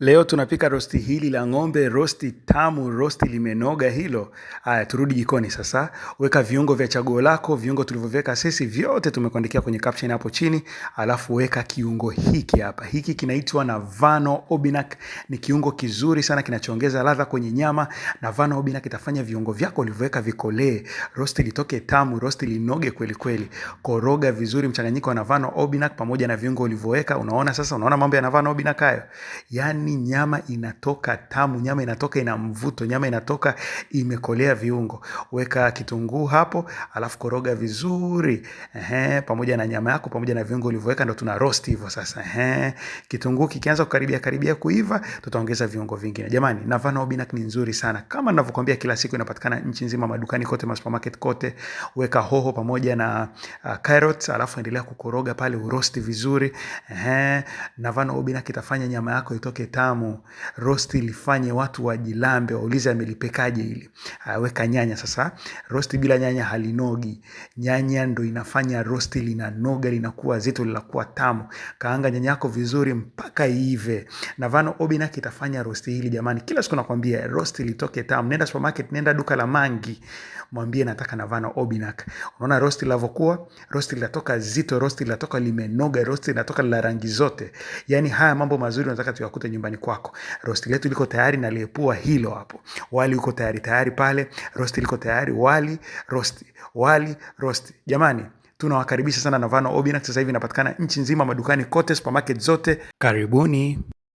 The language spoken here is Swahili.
Leo tunapika rosti hili la ng'ombe, rosti tamu, rosti limenoga hilo. Haya, turudi jikoni sasa. Weka viungo vya chaguo lako, viungo tulivyoweka sisi vyote tumekuandikia kwenye caption hapo chini, alafu weka kiungo hiki hapa. Hiki kinaitwa Navano Obinak, ni kiungo kizuri sana kinachoongeza ladha kwenye nyama. Navano Obinak itafanya viungo vyako ulivyoweka vikolee, rosti litoke tamu, rosti linoge kweli kweli. Koroga vizuri mchanganyiko wa Navano Obinak pamoja na viungo ulivyoweka. Unaona sasa, unaona mambo ya Navano Obinak hayo, yani yani nyama inatoka tamu, nyama inatoka ina mvuto, nyama inatoka imekolea viungo. Weka kitunguu hapo, alafu koroga vizuri ehe, pamoja na nyama yako pamoja na viungo ulivyoweka, ndo tuna roast hivyo sasa. Ehe, kitunguu kikianza kukaribia karibia kuiva, tutaongeza viungo vingine. Jamani, Navano Obinak ni nzuri sana kama ninavyokuambia kila siku, inapatikana nchi nzima, madukani kote, ma supermarket kote. Weka hoho pamoja na uh, carrots, alafu endelea kukoroga pale, urosti vizuri ehe. Navano Obinak itafanya nyama yako itoke tamu, rosti ilifanye watu wajilambe, waulize amelipekaje ili aweka ah, nyanya sasa. Rosti bila nyanya halinogi. Nyanya ndo inafanya rosti linanoga, linakuwa zito, linakuwa tamu. Kaanga nyanya yako vizuri mpaka iive. Navano Obinak itafanya rosti hili jamani. Kila siku nakwambia rosti litoke tamu. Nenda supermarket, nenda duka la mangi. Mwambie nataka Navano Obinak. Unaona rosti lavokuwa? Rosti linatoka zito, rosti linatoka limenoga, rosti linatoka la rangi zote. Yani haya mambo mazuri nataka tuyakute nyumbani nyumbani kwako. Rosti letu liko tayari na liepua hilo hapo. Wali uko tayari tayari pale, rosti liko tayari, wali rosti, wali rosti. Jamani, tunawakaribisha sana Navano Obinax. Sasa hivi inapatikana nchi nzima madukani kote, supermarket zote. Karibuni.